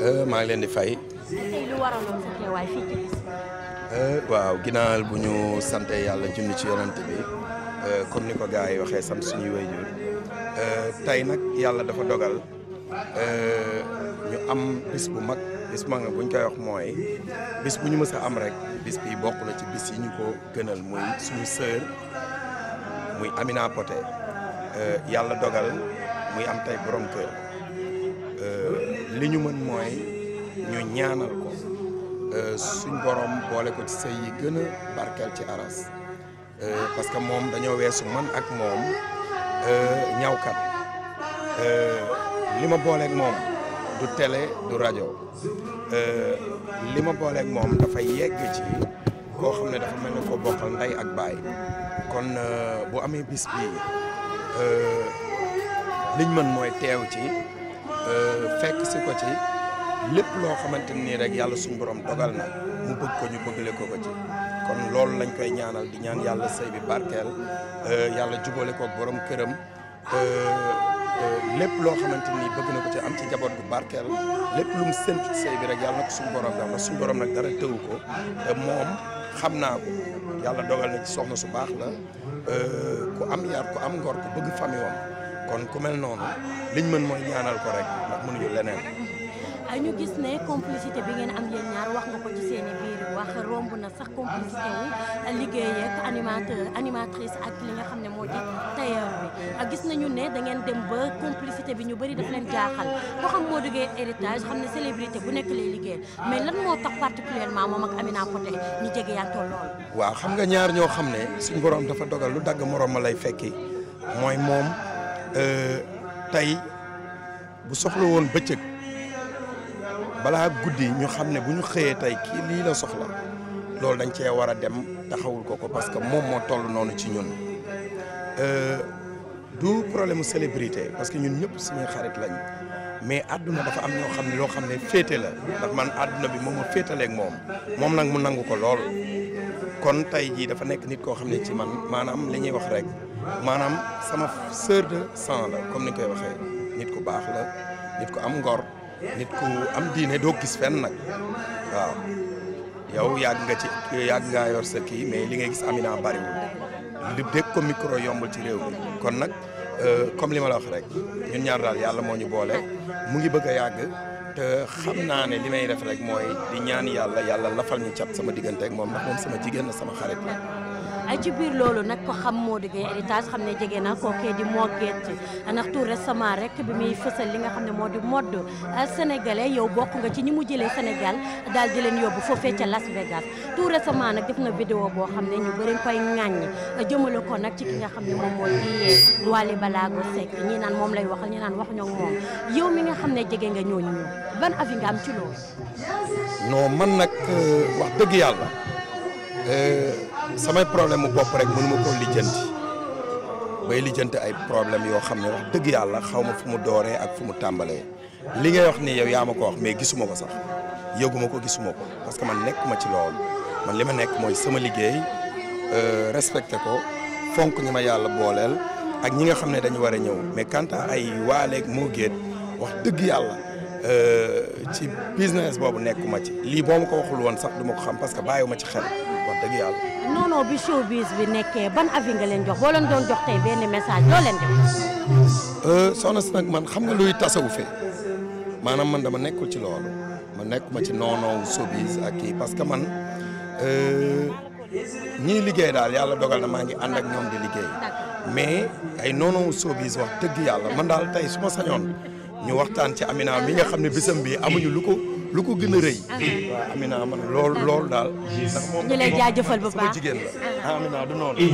Euh, maa leen di fay. Euh, waaw ginnaaw bu ñu sante yàlla junni ci yonent bi euh, comme ni ko gaa yi waxee sant suñuy waajur tey nag yàlla dafa dogal ñu am bis bu mag bis bu buñ koy wax mooy bis bu ñu mës am rek bis bi bokk la ci bis yi ñu ko gënal muy suñu sœur muy Amina Poté yàlla dogal muy am tey borom kër. li ñu mën mooy ñu ñaanal ko euh, suñ borom boole ko ci sëy yi gën a barkeel ci aras euh, parce que moom dañoo weesu man ak moom euh, ñawkat li ma booleek moom du télé du rajo li ma booleeg moom dafa yegg ci koo xam ne dafa mel ne ko bokkal ndey ak baay kon bu amee bis bii liñ mën mooy teew ci Euh, fekk si ko ci lépp loo xamante nii rek yàlla suñu borom dogal na mu bëgg ko ñu bëggale ko ko ci kon loolu lañ koy ñaanal di ñaan yàlla sëy bi barkeel euh, yàlla jubale ko ak borom këram euh, lépp loo xamante nii bëgg na ko ci am ci njaboot bu barkeel lépp lu mu séntu ci sëy bi rek yàlla na ko suñ borom def na suñu nag dara tëwu ko moom xam naa ko yàlla dogal na ci soxna su baax la ku am yar ku am ngor ku bëgg famille kon ku mel noonu liñ mën mooy ñaanal ko rek ndax mënuñu leneen. ñu gis ne complicité bi ngeen am yéen ñaar wax nga ko ci seen i biir wax romb na sax complicité wu ak ah, gis nañu ne da ngeen dem ba complicité bi ñu bëri daf leen jaaxal ko xam moo duggee héritage xam ne célébrité bu nekk lay liggéey mais lan moo tax particulièrement moom ak Amina Poté ñu jege yantoo lool. waaw xam nga ñaar ñoo xam ne suñu borom dafa dogal lu dagg moroom ma lay fekki mooy moom. tey bu soxla woon bëccëg balaa guddi ñu xam ne bu ñu xëyee tey kii lii la soxla loolu dañ cee war a dem taxawul ko ko parce que moom moo toll noonu ci ñun euh, du problème mu célébrité parce que ñun ñëpp suñuy xarit lañ mais àdduna dafa am ñoo xam ne loo xam ne féete la ndax man àdduna bi moom ma féetaleeg moom moom nag mu nangu ko lool kon tey jii dafa nekk nit koo xam ne ci man maanaam li ñuy wax rek. maanaam sama sœur de sang la comme ni koy waxee nit ku baax la nit ku am ngor nit ku am diine doo gis fenn nag waaw yow yàgg nga ci yàgg ngaa yor sa kii mais li ngay gis Amina bariwul li dégg ko micro yombul ci réew mi kon nag euh, comme li ma la wax rek ñun ñaar daal yàlla moo ñu boole mu ngi bëgg a yàgg te xam naa ne li may def rek mooy di ñaan yàlla yàlla lafal ñu cat sama diggante ak moom ndax moom sama jigéen la sama xarit la ay ci biir loolu nag ko xam moo digee héritage xam ne jege na kookee di moo geet ndax tout rek bi muy fësal li nga xam ne moo di mode euh, sénégalais yow bokk nga ci ñi mu jëlee Sénégal daal di leen yóbbu foofee ca Las Vegas tout récemment nag def na vidéo boo xam ne ñu bëri koy ŋàññ jëmale ko nag ci ki nga xam ne moom moo di Wally Ballago Seck ñi naan moom lay waxal ñi naan wax ñoo moom yow mi nga xam ne jege nga ñooñu ñu ban avis nga am ci loolu non euh, wax dëgg yàlla euh, samay problème mu bopp rek mënu ma koo lijjanti bay lijjanti ay problème yoo xam ne wax dëgg yàlla xaw ma fu mu dooree ak fu mu tàmbalee li ngay wax ni yow yaa ma ko wax mais gisuma ko sax yëguma ko gisuma ko parce que man nekk ma ci loolu man li ma nekk mooy sama liggéey euh, respecté ko fonk ñi ma yàlla booleel ak ñi nga xam ne dañu war a ñëw mais quant ay waaleeg moo géet wax dëgg yàlla euh, ci business boobu nekkuma ci lii boo ma ko waxul woon sax du ma ko xam parce que ma ci xel dëgg yàlla. non non bi showbiz bi nekkee ban avis nga leen jox boo leen doon jox tey benn message loo leen def. Euh, soxna si nag man xam nga luy tasawu fee maanaam man dama nekkul ci loolu ma nekk ma ci noonu showbiz ak kii parce que man euh, ñii liggéey daal yàlla dogal na maa ngi ànd ak ñoom di liggéey mais ay noonu showbiz wax dëgg yàlla man daal tey su ma sañoon. ñu waxtaan ci Amina mi nga xam ne bésam bi amuñu lu ko lu ko gën a rëy. waaw uh-huh. Amina man lool lool daal. ndax moom moom sama jigéen la uh-huh. Amina du noonu.